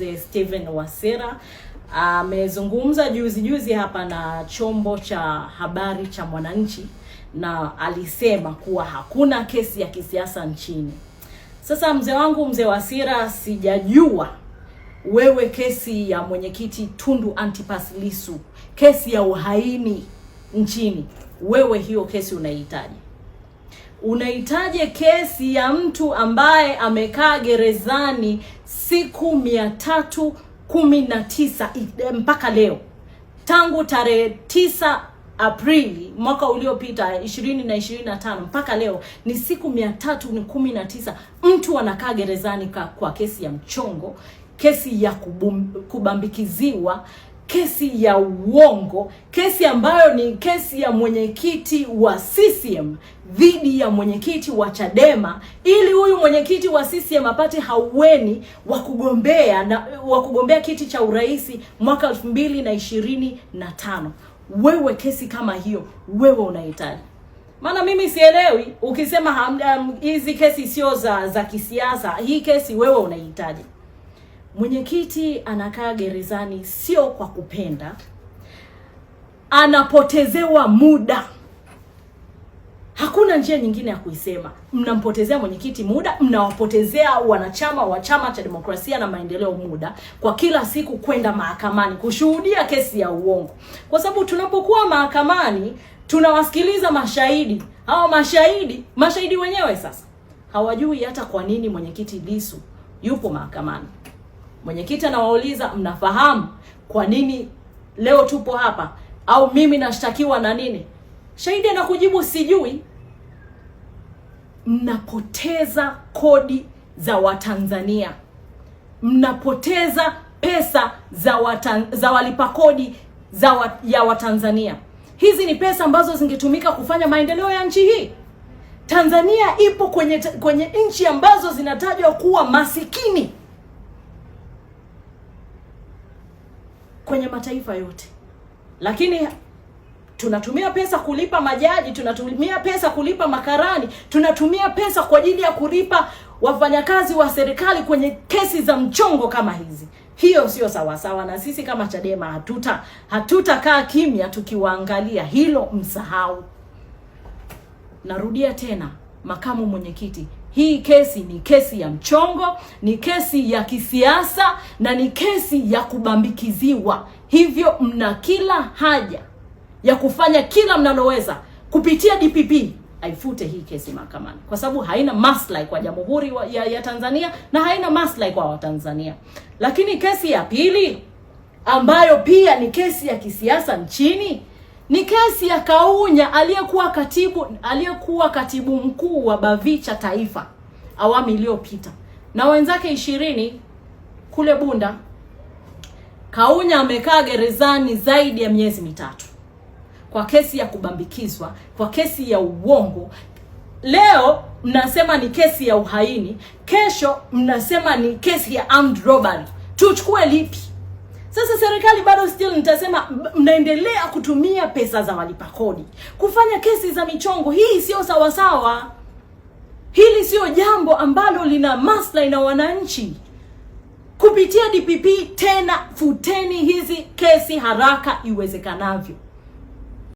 Steven Wasira amezungumza juzi juzi hapa na chombo cha habari cha Mwananchi na alisema kuwa hakuna kesi ya kisiasa nchini. Sasa mzee wangu, mzee Wasira, sijajua wewe, kesi ya mwenyekiti Tundu Antipas Lissu, kesi ya uhaini nchini, wewe hiyo kesi unaihitaji? Unahitaje kesi ya mtu ambaye amekaa gerezani siku mia tatu kumi na tisa eh, mpaka leo tangu tarehe tisa Aprili mwaka uliopita ishirini na ishirini na tano mpaka leo ni siku mia tatu ni kumi na tisa mtu anakaa gerezani kwa kesi ya mchongo, kesi ya kubambikiziwa, kesi ya uongo, kesi ambayo ni kesi ya mwenyekiti wa CCM dhidi ya mwenyekiti wa Chadema, ili huyu mwenyekiti wa CCM apate haueni wa kugombea na wa kugombea kiti cha urais mwaka elfu na tano. Wewe kesi kama hiyo wewe unahitaji? Maana mimi sielewi ukisema um, hizi um, kesi sio za za kisiasa. Hii kesi wewe unahitaji? Mwenyekiti anakaa gerezani sio kwa kupenda, anapotezewa muda. Hakuna njia nyingine ya kuisema. Mnampotezea mwenyekiti muda, mnawapotezea wanachama wa Chama cha Demokrasia na Maendeleo muda kwa kila siku kwenda mahakamani kushuhudia kesi ya uongo, kwa sababu tunapokuwa mahakamani tunawasikiliza mashahidi hao. Mashahidi mashahidi wenyewe sasa hawajui hata kwa nini mwenyekiti Lissu yupo mahakamani. Mwenyekiti anawauliza mnafahamu kwa nini leo tupo hapa, au mimi nashtakiwa na nini? Shahidi anakujibu sijui. Mnapoteza kodi za Watanzania, mnapoteza pesa za watan, za walipa kodi za wa, ya Watanzania. Hizi ni pesa ambazo zingetumika kufanya maendeleo ya nchi hii. Tanzania ipo kwenye, kwenye nchi ambazo zinatajwa kuwa masikini. kwenye mataifa yote, lakini tunatumia pesa kulipa majaji, tunatumia pesa kulipa makarani, tunatumia pesa kwa ajili ya kulipa wafanyakazi wa serikali kwenye kesi za mchongo kama hizi. Hiyo sio sawasawa, na sisi kama Chadema hatuta hatutakaa kimya tukiwaangalia hilo, msahau. Narudia tena, makamu mwenyekiti hii kesi ni kesi ya mchongo, ni kesi ya kisiasa na ni kesi ya kubambikiziwa. Hivyo mna kila haja ya kufanya kila mnaloweza kupitia DPP aifute hii kesi mahakamani, kwa sababu haina maslahi kwa jamhuri ya, ya Tanzania na haina maslahi kwa Watanzania. Lakini kesi ya pili ambayo pia ni kesi ya kisiasa nchini ni kesi ya Kaunya aliyekuwa katibu aliyekuwa katibu mkuu wa Bavicha Taifa awamu iliyopita na wenzake ishirini kule Bunda. Kaunya amekaa gerezani zaidi ya miezi mitatu kwa kesi ya kubambikizwa, kwa kesi ya uongo. Leo mnasema ni kesi ya uhaini, kesho mnasema ni kesi ya armed robbery. Tuchukue lipi? Sasa serikali bado still nitasema mnaendelea kutumia pesa za walipa kodi kufanya kesi za michongo. Hii sio sawasawa, hili sio jambo ambalo lina maslahi na wananchi. Kupitia DPP tena, futeni hizi kesi haraka iwezekanavyo.